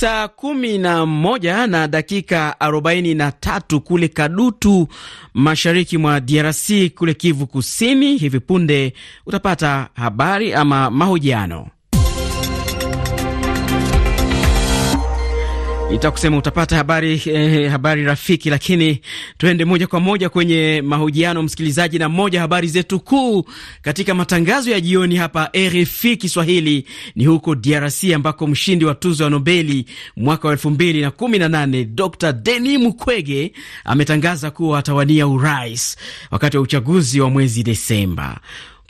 saa kumi na moja na dakika arobaini na tatu kule Kadutu, mashariki mwa DRC, kule Kivu Kusini. Hivi punde utapata habari ama mahojiano. itakusema utapata habari eh, habari rafiki. Lakini tuende moja kwa moja kwenye mahojiano msikilizaji, na moja habari zetu kuu katika matangazo ya jioni hapa RFI Kiswahili ni huko DRC ambako mshindi wa tuzo ya Nobeli mwaka wa elfu mbili na kumi na nane Dr Denis Mukwege ametangaza kuwa atawania urais wakati wa uchaguzi wa mwezi Desemba.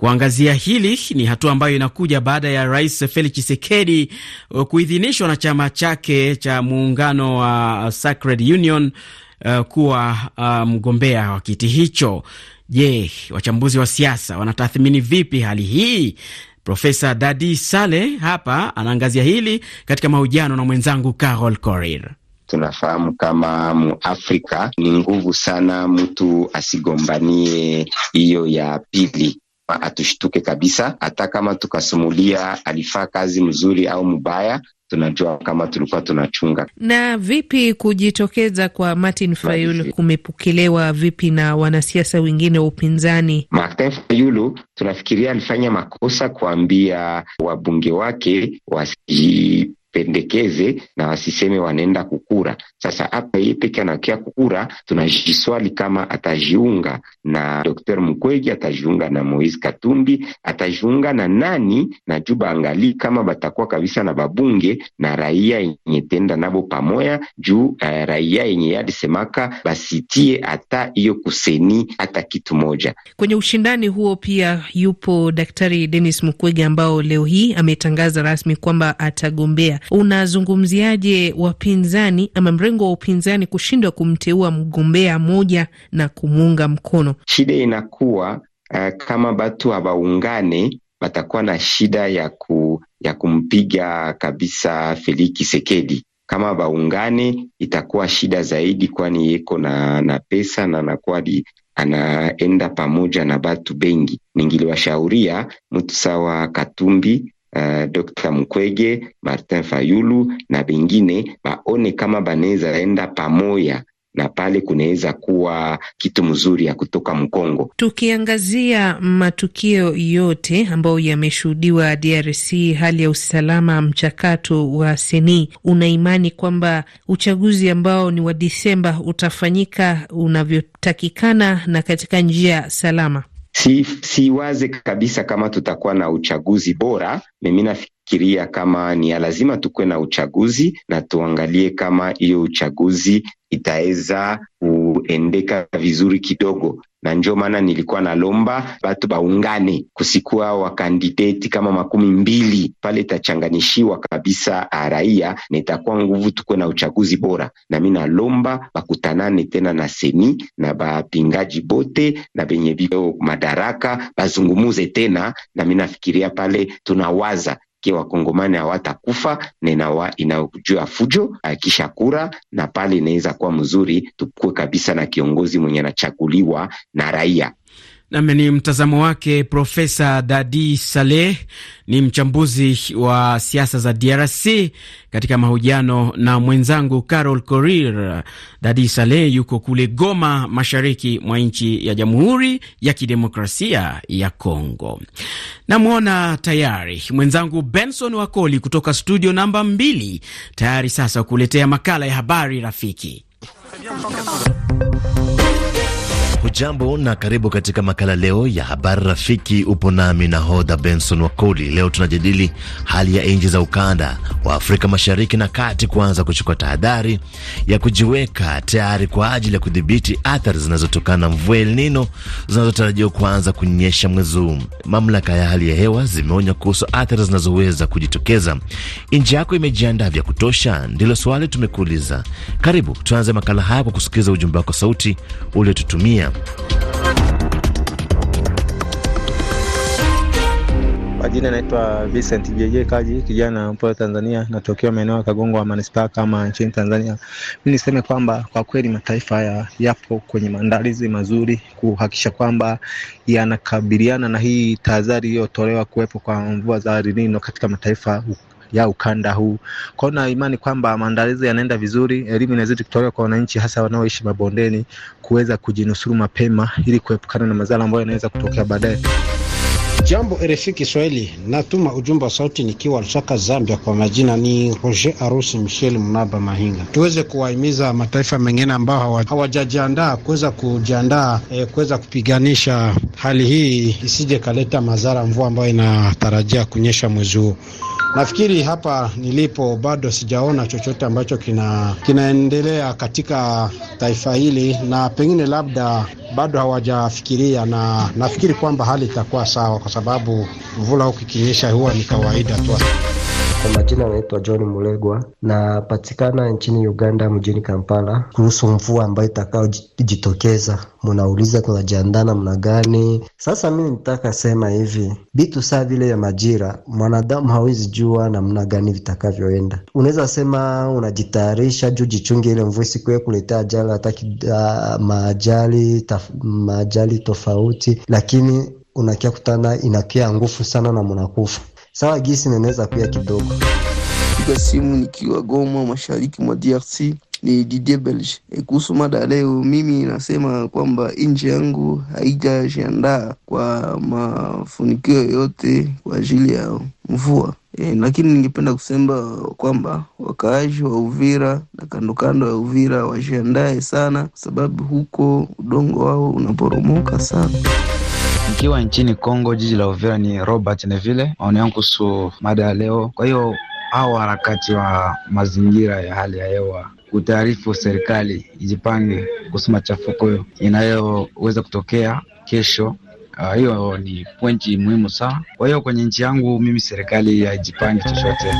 Kuangazia hili ni hatua ambayo inakuja baada ya Rais Felix Tshisekedi uh, kuidhinishwa na chama chake cha muungano wa uh, Sacred Union uh, kuwa uh, mgombea wa kiti hicho. Je, wachambuzi wa siasa wanatathmini vipi hali hii? Profesa Dadi Sale hapa anaangazia hili katika mahojiano na mwenzangu Carol Corir. Tunafahamu kama Muafrika ni nguvu sana mtu asigombanie hiyo ya pili, atushtuke kabisa, hata kama tukasumulia alifaa kazi mzuri au mbaya tunajua kama tulikuwa tunachunga. Na vipi kujitokeza kwa Martin Fayulu kumepokelewa vipi na wanasiasa wengine wa upinzani? Martin Fayulu tunafikiria alifanya makosa kuambia wabunge wake wasi wasipendekeze na wasiseme wanaenda kukura. Sasa hapa yeye peke anakia kukura, tunajiswali kama atajiunga na Dr. Mukwege, atajiunga na Moise Katumbi, atajiunga na nani, na juu baangali kama batakuwa kabisa na babunge na raia yenye tenda nabo pamoya juu uh, raia yenye yadisemaka basitie hata hiyo kuseni hata kitu moja kwenye ushindani huo. Pia yupo Daktari Denis Mukwege ambao leo hii ametangaza rasmi kwamba atagombea unazungumziaje wapinzani ama mrengo wa upinzani kushindwa kumteua mgombea moja na kumuunga mkono? Shida inakuwa uh, kama batu hawaungane batakuwa na shida ya, ku, ya kumpiga kabisa Felix Tshisekedi. Kama baungane itakuwa shida zaidi, kwani yeko na, na pesa na anakuwa anaenda pamoja na batu bengi. Ningiliwashauria mtu sawa Katumbi Eh, Dr. Mkwege, Martin Fayulu na bengine baone kama banaweza enda pamoya na pale kunaweza kuwa kitu mzuri ya kutoka Mkongo. Tukiangazia matukio yote ambayo yameshuhudiwa DRC, hali ya usalama, mchakato wa seni, unaimani kwamba uchaguzi ambao ni wa Disemba utafanyika unavyotakikana na katika njia salama? si siwaze kabisa kama tutakuwa na uchaguzi bora. Mimi fikiria kama ni ya lazima tukuwe na uchaguzi na tuangalie kama hiyo uchaguzi itaweza kuendeka vizuri kidogo na njo maana nilikuwa nalomba batu baungane, kusikuwa wakandideti kama makumi mbili pale, itachanganishiwa kabisa ah, raia na itakuwa nguvu, tukuwe na uchaguzi bora. Na mi nalomba bakutanane tena na seni na bapingaji bote na benye vio madaraka bazungumuze tena, na mi nafikiria pale tunawaza Wakongomani hawatakufa na inajua fujo akisha kura na pale inaweza kuwa mzuri. Tukue kabisa na kiongozi mwenye anachaguliwa na raia. Nami ni mtazamo wake Profesa Dadi Saleh, ni mchambuzi wa siasa za DRC katika mahojiano na mwenzangu Carol Korir. Dadi Saleh yuko kule Goma, mashariki mwa nchi ya Jamhuri ya Kidemokrasia ya Kongo. Namwona tayari mwenzangu Benson Wakoli kutoka studio namba mbili, tayari sasa kuletea makala ya habari rafiki Hujambo na karibu katika makala leo ya habari rafiki. Upo nami nahodha Benson Wakoli. Leo tunajadili hali ya nchi za ukanda wa Afrika Mashariki na Kati kuanza kuchukua tahadhari ya kujiweka tayari kwa ajili ya kudhibiti athari zinazotokana na mvua El Nino zinazotarajiwa kuanza kunyesha mwezi huu. Mamlaka ya hali ya hewa zimeonya kuhusu athari zinazoweza kujitokeza. Nchi yako imejiandaa vya kutosha? Ndilo swali tumekuuliza. Karibu tuanze makala haya kwa kusikiliza ujumbe wako sauti uliotutumia jina naitwa Vincent JJ Kaji, kijana mpole Tanzania, natokea maeneo ya Kagongo wa manispaa kama nchini Tanzania. Mimi niseme kwamba kwa kweli mataifa haya yapo kwenye maandalizi mazuri kuhakikisha kwamba yanakabiliana na hii tahadhari iliyotolewa kuwepo kwa mvua za El Nino katika mataifa ya ukanda huu. Kwa hiyo na imani kwamba maandalizi yanaenda vizuri, elimu inazidi kutolewa kwa wananchi, hasa wanaoishi mabondeni, kuweza kujinusuru mapema ili kuepukana na madhara ambayo yanaweza kutokea baadaye. Jambo RFI Kiswahili, natuma ujumbe wa sauti nikiwa Lusaka, Zambia. Kwa majina ni Roger Arusi Michel Mnaba Mahinga. Tuweze kuwahimiza mataifa mengine ambao hawajajiandaa kuweza kujiandaa e, kuweza kupiganisha hali hii isije kaleta madhara mvua ambayo inatarajia kunyesha mwezi huu. Nafikiri hapa nilipo bado sijaona chochote ambacho kina, kinaendelea katika taifa hili, na pengine labda bado hawajafikiria, na nafikiri kwamba hali itakuwa sawa, kwa sababu mvula huku ikinyesha huwa ni kawaida tu. Kwa majina anaitwa John Mulegwa, napatikana nchini Uganda, mjini Kampala. Kuhusu mvua ambayo itakayojitokeza, munauliza tunajiandaa namna gani? Sasa mimi nitaka sema hivi bitu saa vile ya majira, mwanadamu hawezi jua namna gani vitakavyoenda. Unaweza sema unajitayarisha juu, jichunge ile mvua isikuwe kuletea ajali, hata ah, maajali maajali tofauti, lakini unakia kutana inakia nguvu sana na mnakufa Sawa Gisi, neneza pia kidogo. Piga simu nikiwa Goma, mashariki mwa DRC. Ni Didier Belge. E, kuhusu mada ya leo, mimi nasema kwamba nchi yangu haijajiandaa kwa mafunikio yoyote kwa ajili ya mvua e, lakini ningependa kusema kwamba wakaaji wa Uvira na kandokando ya Uvira wajiandae sana, kwa sababu huko udongo wao unaporomoka sana. Nikiwa nchini Kongo, jiji la Uvira, ni Robert Neville. Maoni yangu kuhusu mada ya leo, kwa hiyo hao harakati wa mazingira ya hali ya hewa kutaarifu serikali ijipange kuhusu machafuko inayoweza kutokea kesho. Uh, hiyo ni pointi muhimu sana. Kwa hiyo kwenye nchi yangu mimi serikali haijipangi chochote.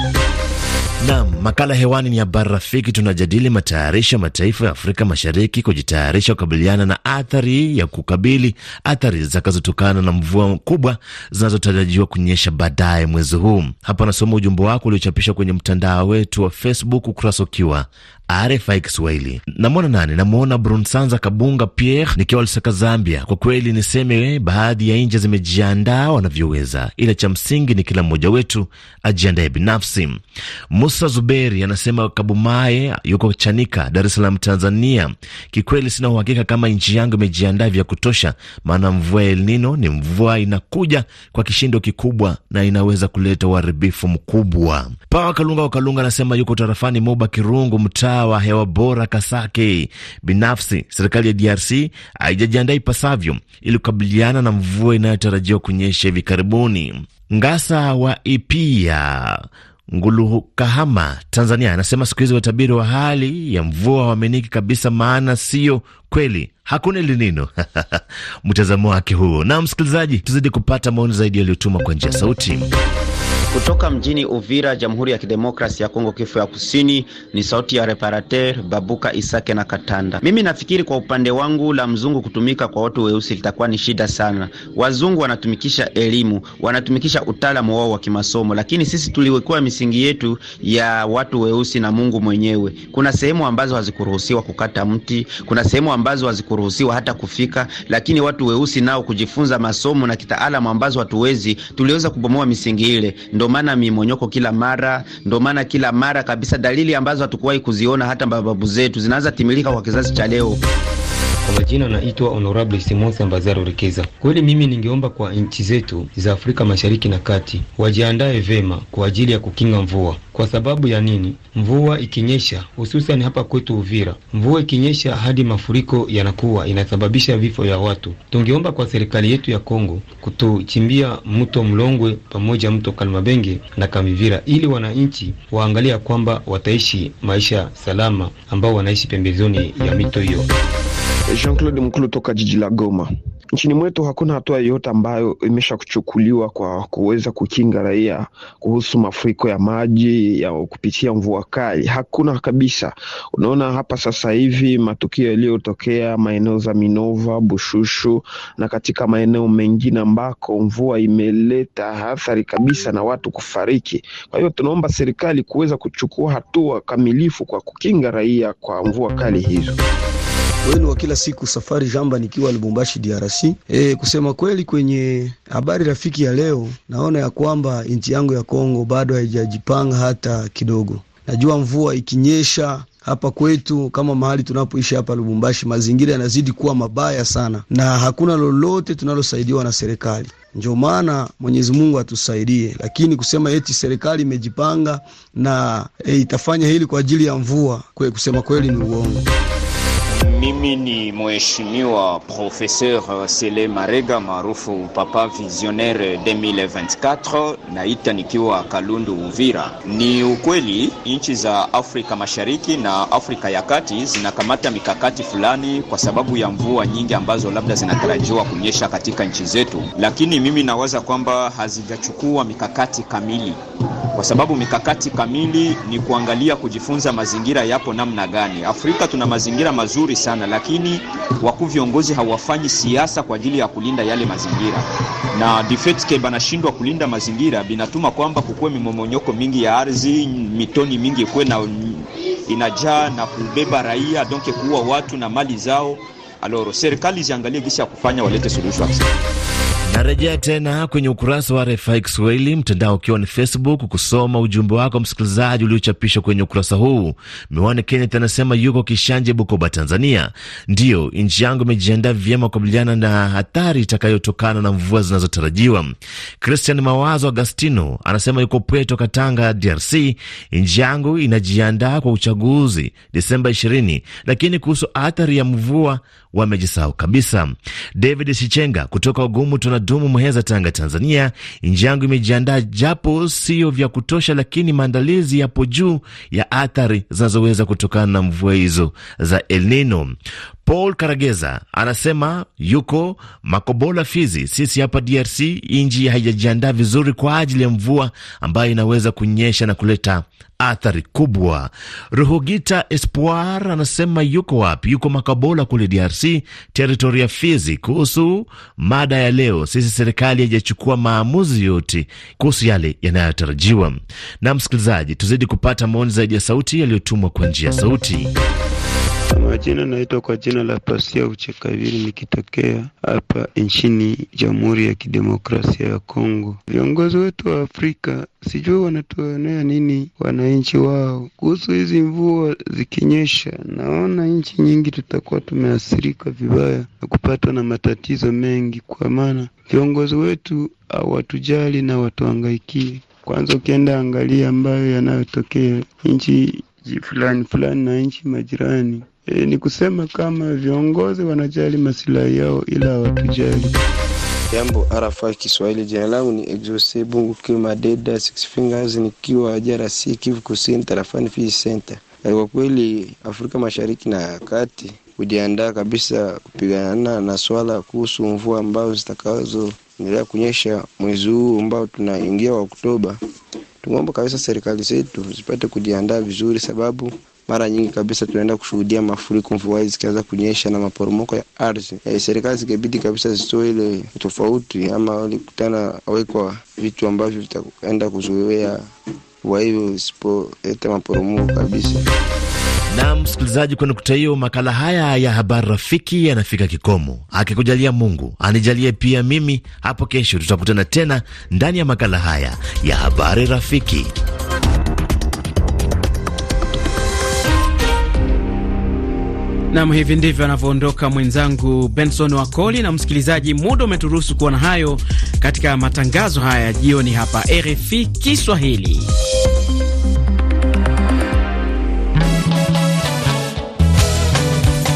Nam makala hewani ni habari rafiki. Tunajadili matayarisho ya mataifa ya Afrika Mashariki kujitayarisha kukabiliana na athari ya kukabili athari zitakazotokana na mvua kubwa zinazotarajiwa kunyesha baadaye mwezi huu. Hapa anasoma ujumbe wako uliochapishwa kwenye mtandao wetu wa Facebook, ukurasa ukiwa RFI Kiswahili. Namwona nani? Namwona Brunsanza Kabunga Pierre nikiwa Lusaka, Zambia. Kwa kweli niseme baadhi ya nchi zimejiandaa wanavyoweza, ila cha msingi ni kila mmoja wetu ajiandae binafsi. Musa Zuberi anasema Kabumae yuko Chanika, Dar es Salaam, Tanzania. Kikweli sina uhakika kama nchi yangu imejiandaa vya kutosha, maana mvua ya Elnino ni mvua inakuja kwa kishindo kikubwa na inaweza kuleta uharibifu mkubwa. Pawa Kalunga Wakalunga anasema yuko tarafani Moba Kirungu mtaa mtaa wa hewa bora Kasake. Binafsi, serikali ya DRC haijajiandaa ipasavyo ili kukabiliana na mvua inayotarajiwa kunyesha hivi karibuni. Ngasa wa Ipia e Ngulukahama, Tanzania, anasema siku hizi watabiri wa hali ya mvua waaminiki kabisa, maana siyo kweli, hakuna elinino mtazamo wake huo. Na msikilizaji, tuzidi kupata maoni zaidi yaliyotuma kwa njia sauti. Kutoka mjini Uvira, Jamhuri ya Kidemokrasi ya Kongo, kifo ya Kusini, ni sauti ya reparater Babuka Isake na Katanda. Mimi nafikiri kwa upande wangu, la mzungu kutumika kwa watu weusi litakuwa ni shida sana. Wazungu wanatumikisha elimu, wanatumikisha utaalamu wao wa kimasomo, lakini sisi tuliwekewa misingi yetu ya watu weusi na Mungu mwenyewe. Kuna sehemu ambazo hazikuruhusiwa kukata mti, kuna sehemu ambazo hazikuruhusiwa hata kufika, lakini watu weusi nao kujifunza masomo na kitaalamu ambazo hatuwezi, tuliweza kubomoa misingi ile. Ndio maana mimonyoko kila mara, ndio maana kila mara kabisa, dalili ambazo hatukuwahi kuziona hata mababu zetu zinaanza timilika kwa kizazi cha leo. Kwa majina naitwa Honorable Simonse Mbazaro Rekeza. Kweli mimi ningeomba kwa nchi zetu za Afrika Mashariki na Kati wajiandae vema kwa ajili ya kukinga mvua. Kwa sababu ya nini? Mvua ikinyesha, hususan hapa kwetu Uvira, mvua ikinyesha hadi mafuriko yanakuwa inasababisha vifo ya watu. Tungeomba kwa serikali yetu ya Kongo kutuchimbia mto Mlongwe pamoja mto Kalmabenge na Kamivira, ili wananchi waangalia kwamba wataishi maisha salama ambao wanaishi pembezoni ya mito hiyo. Jean-Claude Mkulu toka jiji la Goma. Nchini mwetu hakuna hatua yoyote ambayo imesha kuchukuliwa kwa kuweza kukinga raia kuhusu mafuriko ya maji ya kupitia mvua kali, hakuna kabisa. Unaona hapa sasa hivi matukio yaliyotokea maeneo za Minova, Bushushu na katika maeneo mengine ambako mvua imeleta athari kabisa na watu kufariki. Kwa hiyo tunaomba serikali kuweza kuchukua hatua kamilifu kwa kukinga raia kwa mvua kali hizo wenu wa kila siku Safari Jamba nikiwa Lubumbashi DRC. E, kusema kweli kwenye habari rafiki ya leo naona ya kwamba nchi yangu ya Kongo bado haijajipanga hata kidogo. Najua mvua ikinyesha hapa kwetu kama mahali tunapoishi hapa Lubumbashi, mazingira yanazidi kuwa mabaya sana, na hakuna lolote tunalosaidiwa na serikali. Ndio maana Mwenyezi Mungu atusaidie, lakini kusema eti serikali imejipanga na e, itafanya hili kwa ajili ya mvua, kwe kusema kweli ni uongo. Mimi ni mheshimiwa Profeseur Sele Marega maarufu Papa Visionnaire 2024 naita nikiwa Kalundu Uvira. Ni ukweli nchi za Afrika Mashariki na Afrika ya Kati zinakamata mikakati fulani kwa sababu ya mvua nyingi ambazo labda zinatarajiwa kunyesha katika nchi zetu, lakini mimi nawaza kwamba hazijachukua mikakati kamili kwa sababu mikakati kamili ni kuangalia kujifunza mazingira yapo namna gani. Afrika tuna mazingira mazuri sana sana, lakini wakuu viongozi hawafanyi siasa kwa ajili ya kulinda yale mazingira, na defetke banashindwa kulinda mazingira, binatuma kwamba kukuwe mimomonyoko mingi ya ardhi, mitoni mingi ikuwe na inajaa na kubeba raia donke kuua watu na mali zao. Alors serikali ziangalie gisi ya kufanya, walete suluhisho. Narejea tena kwenye ukurasa wa RFI Kiswahili mtandao ukiwa ni Facebook kusoma ujumbe wako msikilizaji uliochapishwa kwenye ukurasa huu. Miwani Kenneth anasema yuko Kishanje, Bukoba, Tanzania. Ndiyo, nchi yangu imejiandaa vyema kukabiliana na hatari itakayotokana na mvua zinazotarajiwa. Christian Mawazo Agastino anasema yuko Pweto, Katanga, DRC. Nchi yangu inajiandaa kwa uchaguzi Desemba 20, lakini kuhusu athari ya mvua wamejisahau kabisa. David Sichenga kutoka Ugumu tuna Madumu, Muheza, Tanga, Tanzania. Nchi yangu imejiandaa japo sio vya kutosha, lakini maandalizi yapo juu ya athari zinazoweza kutokana na mvua hizo za El Nino. Paul Karageza anasema yuko Makobola, Fizi. Sisi hapa DRC nchi haijajiandaa vizuri kwa ajili ya mvua ambayo inaweza kunyesha na kuleta athari kubwa. Ruhugita Espoir anasema yuko wapi? Yuko Makabola kule DRC, teritori ya Fizi, kuhusu mada ya leo, sisi serikali haijachukua maamuzi yote kuhusu yale yanayotarajiwa na msikilizaji. Tuzidi kupata maoni zaidi ya sauti yaliyotumwa kwa njia ya sauti. Majina naitwa kwa jina la Pasia Uchekavili, nikitokea hapa nchini Jamhuri ya Kidemokrasia ya Kongo. Viongozi wetu wa Afrika sijui wanatuonea nini wananchi wao kuhusu hizi mvua zikinyesha. Naona nchi nyingi tutakuwa tumeathirika vibaya na kupatwa na matatizo mengi, kwa maana viongozi wetu hawatujali na watuangaikie. Kwanza ukienda angalia ambayo yanayotokea nchi fulani fulani na nchi majirani. E, ni kusema kama viongozi wanajali masilahi yao ila hawatujali. Jambo arafa Kiswahili, jina langu ni Exose Bungu Kima Deda Six Fingers, nikiwa si Kivu Kusini, tarafani Fiji Center. Na kwa kweli Afrika Mashariki na Kati kujiandaa kabisa kupigana na swala kuhusu mvua ambazo zitakazoendelea kunyesha mwezi huu ambao tunaingia wa Oktoba. Tungomba kabisa serikali zetu zipate kujiandaa vizuri, sababu mara nyingi kabisa tunaenda kushuhudia mafuriko, mvua zikianza kunyesha na maporomoko ya ardhi. E, serikali zikabidi kabisa zitoe ile tofauti ama walikutana awekwa vitu ambavyo vitaenda kuzuia mvua hiyo isipoleta maporomoko kabisa. Na msikilizaji, kwa nukta hiyo, makala haya ya habari rafiki yanafika kikomo. Akikujalia Mungu anijalie pia mimi, hapo kesho tutakutana tena ndani ya makala haya ya habari rafiki. Nam, hivi ndivyo anavyoondoka mwenzangu Benson Wakoli. Na msikilizaji, muda umeturuhusu kuona hayo katika matangazo haya jioni hapa RFI Kiswahili.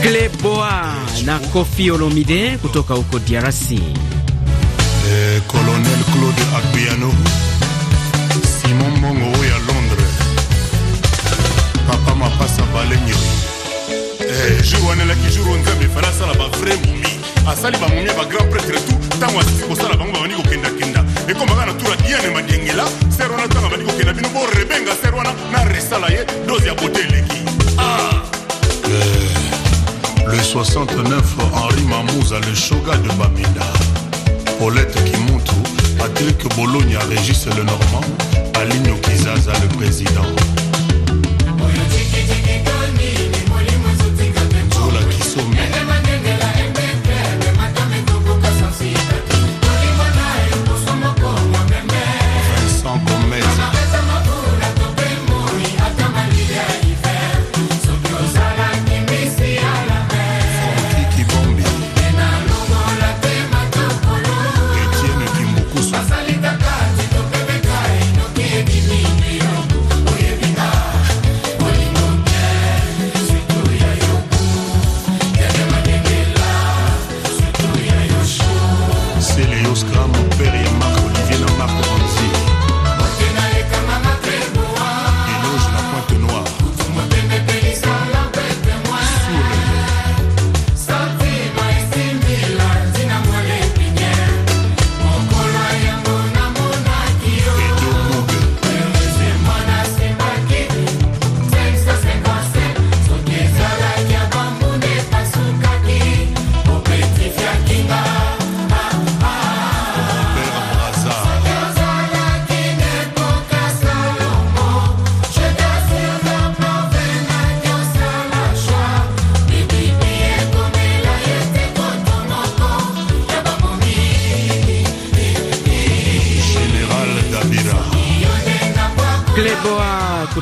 Gleboa na Kofi Olomide kutoka huko DRC. Eh, Colonel Claude Agbiano, Simon Mongo ya Londres, Papa Mapasa Balenyo. Eh, jour wanelaki jour oyo nzambe efali asala bavrai mumi asali bamumi ya bagrand pretre tout ntango asisi kosala bango babandi kokendakenda ekomaka na tura diane madengela ser wana ntango abandi kokenda bino borebenga ser wana na resala ye doze ya bote eleki ah. eh. Le 69, Henri Mamouza, le Shoga de Bamenda. Paulette tel Patrick Bologna, Régis le Normand, Aline Kizaza, le président.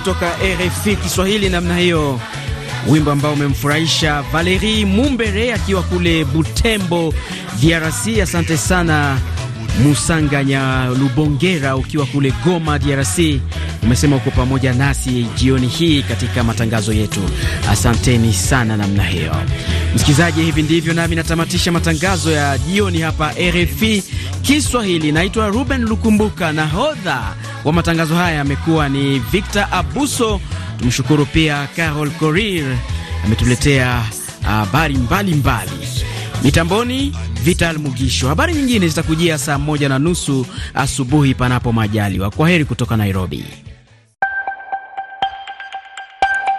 kutoka RFI Kiswahili namna hiyo, wimbo ambao umemfurahisha Valerie Mumbere akiwa kule Butembo, DRC. Asante sana Musanganya Lubongera ukiwa kule Goma, DRC. Umesema uko pamoja nasi jioni hii katika matangazo yetu, asanteni sana namna hiyo. Msikilizaji, hivi ndivyo nami natamatisha matangazo ya jioni hapa RFI Kiswahili. Naitwa Ruben Lukumbuka, nahodha wa matangazo haya amekuwa ni Victor Abuso. Tumshukuru pia Carol Korir ametuletea ah, habari mbalimbali mitamboni. Vital Mugisho. Habari nyingine zitakujia saa moja na nusu asubuhi, panapo majaliwa. Kwa heri kutoka Nairobi.